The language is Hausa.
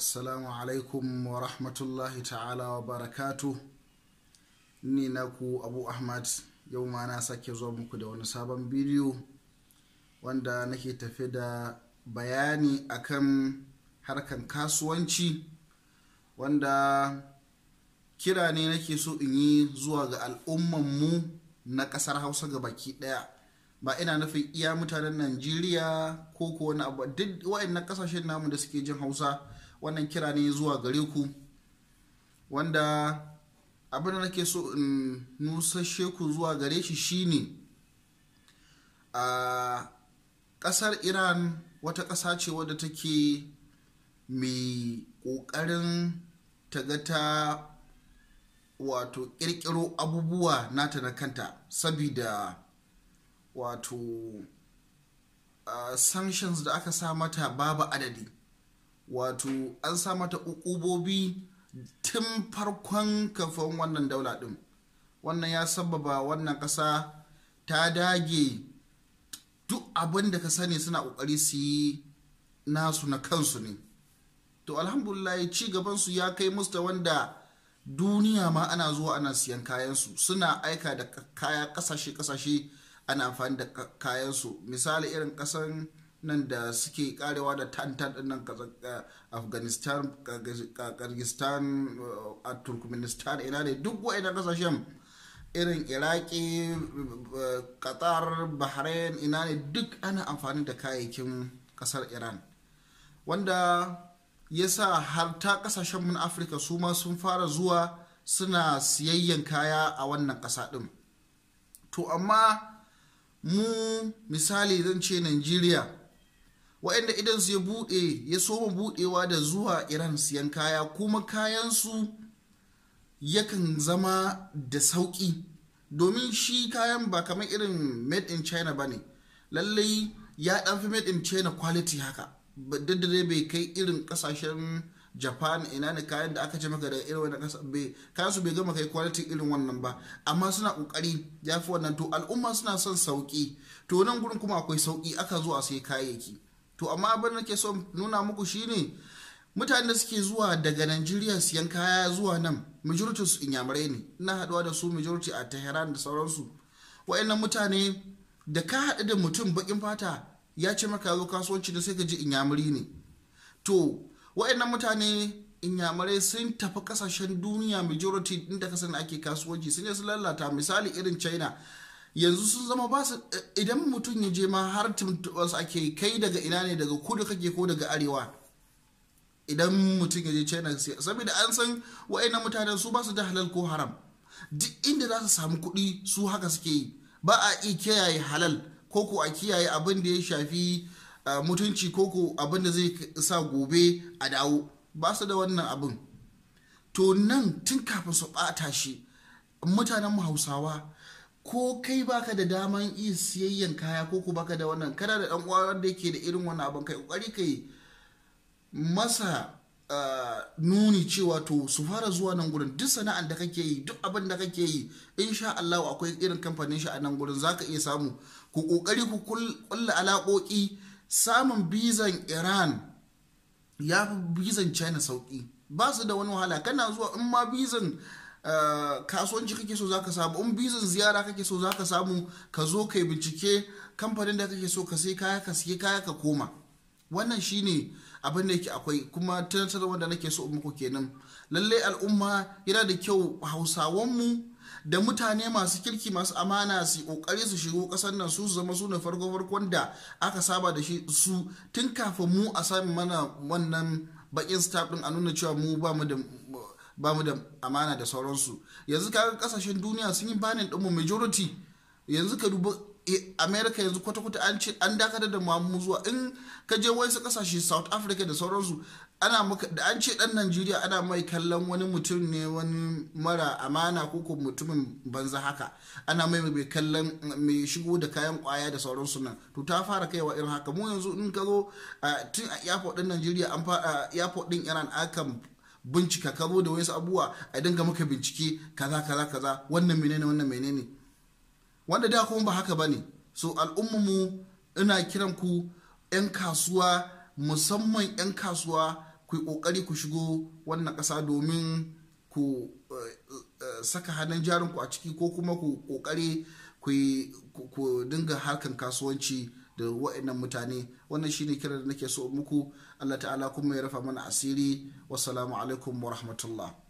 assalamu alaikum wa rahmatullahi ta'ala wa barakatu ni ku abu ahmad yau ma na sake zuwa muku da wani sabon bidiyo wanda nake tafi da bayani akan harkan kasuwanci wanda kira ne nake so in yi zuwa ga al'ummanmu na kasar hausa ga baki daya ba ina nufin iya mutanen najeriya ko ko wani abu duk na kasashen namu da suke jin hausa wannan kira ne zuwa gare ku wanda abin da nake so in nusashe ku zuwa gare shi shine a ƙasar iran wata ƙasa ce wadda take mai ƙoƙarin taga ta wato ƙirƙiro abubuwa nata na kanta sabida wato uh, sanctions da aka sa mata babu adadi wato an sa mata ukubobi tun farkon kafin wannan daula ɗin wannan ya sababa wannan kasa ta dage duk abin da ka sani suna ƙoƙari su yi nasu na kansu ne to alhamdulillah ci gabansu ya kai musta wanda duniya ma ana zuwa ana siyan kayansu suna aika da kaya kasashe kasashe ana amfani da kayansu misali irin kasan. nan da suke karewa da tantan din nan eh, afghanistan kyrgyzstan eh, a turkmenistan ina ne duk na kasashen irin iraki eh, qatar bahrain ina ne duk ana amfani da kayayyakin kasar iran wanda ya sa har ta kasashen mun afirka su ma sun fara zuwa suna siyayyan kaya a wannan kasa din to amma mu misali zan ce Najeriya. waɗanda idan su ya buɗe ya soma buɗewa da zuwa iran siyan kaya kuma kayansu yakan zama da sauƙi domin shi kayan ba kamar irin made in china ba ne lallai ya ɗan fi made in china quality haka daddare bai kai irin ƙasashen japan ina ne kayan da aka ce maka daga irin wannan ƙasa bai kayan su bai gama kai quality irin wannan ba amma suna ƙoƙari ya fi wannan to al'umma suna son sauƙi to nan gurin kuma akwai sauƙi aka zo a sai kayayyaki to amma abin da ke so nuna muku ne mutane da suke zuwa daga Najeriya siyan kaya zuwa nan majority su inyamurai ne ina haduwa da su majority a Tehran da sauransu wayannan mutane da ka haɗu da mutum bakin fata ya ce maka zo kasuwanci da sai ka ji inyamuri ne to wayannan mutane inyamurai sun tafi kasashen duniya majority inda kasan ake kasuwanci sun yi su lalata misali irin China yanzu sun zama ba su eh, idan mutum ya je ma har tuntuɓa ake kai daga ina ne daga kudu kake ko daga arewa idan mutum ya je china sai saboda an san wa'ina mutanen su ba su da halal ko haram duk inda za su samu kuɗi su haka suke yi ba a iya kiyaye halal ko ko a kiyaye abin da ya shafi eh, mutunci ko ko abin da zai sa gobe a dawo ba su da wannan abin to nan tun kafin su bata shi mutanen mu hausawa ko kai baka da daman iya siyayyan kaya ko ku baka da wannan kada da dan uwar da yake da irin wannan abin kai kokari kai masa nuni cewa to su fara zuwa nan gurin duk sana'an da kake yi duk abin da kake yi insha Allah akwai irin kamfanin shi a nan gurin zaka iya samu ku kokari ku kulla alaƙoƙi samun bizan Iran ya fi bizan China sauki ba su da wani wahala kana zuwa in ma bizan Eh, kasuwanci kake so zaka samu in bizin ziyara kake so zaka samu ka zo kai bincike kamfanin da kake so ka sai kaya ka sai kaya ka koma wannan shine abin da yake akwai kuma tunatar da nake so in muku kenan Lallai al'umma yana da kyau mu da mutane masu kirki masu amana su kokari su shigo kasar nan su zama su na farko farkon da aka saba da shi su tun kafin mu a sami mana wannan bakin staff din a nuna cewa mu ba mu da ba mu da amana da sauransu yanzu kaga kasashen duniya sun yi banin ɗinmu majority yanzu ka dubi eh, america yanzu kwata-kwata an ce an dakatar da mu zuwa in ka je wasu kasashe south africa da sauransu da an ce dan najeriya ana mai kallon wani mutum ne wani mara amana ko ko mutumin banza haka ana mai mai kallon mai shigo da kayan kwaya da sauransu nan to ta fara kaiwa irin haka mu yanzu in ka zo tun a airport din najeriya an fara airport din iran akan bincika ka da wasu abubuwa a dinga muka bincike kaza kaza kaza wannan menene wannan menene wanda da kuma ba haka bane so al'ummu ina kiran ku 'yan kasuwa musamman 'yan kasuwa ku yi kokari ku shigo wannan kasa domin ku eh, eh, saka hannun jarinku a ciki ko kuma ku kokari ku dinga harkan kasuwanci da wa'annan mutane wannan shine kira da nake so muku Allah ta'ala kuma ya rafa mana asiri wassalamu alaikum wa rahmatullah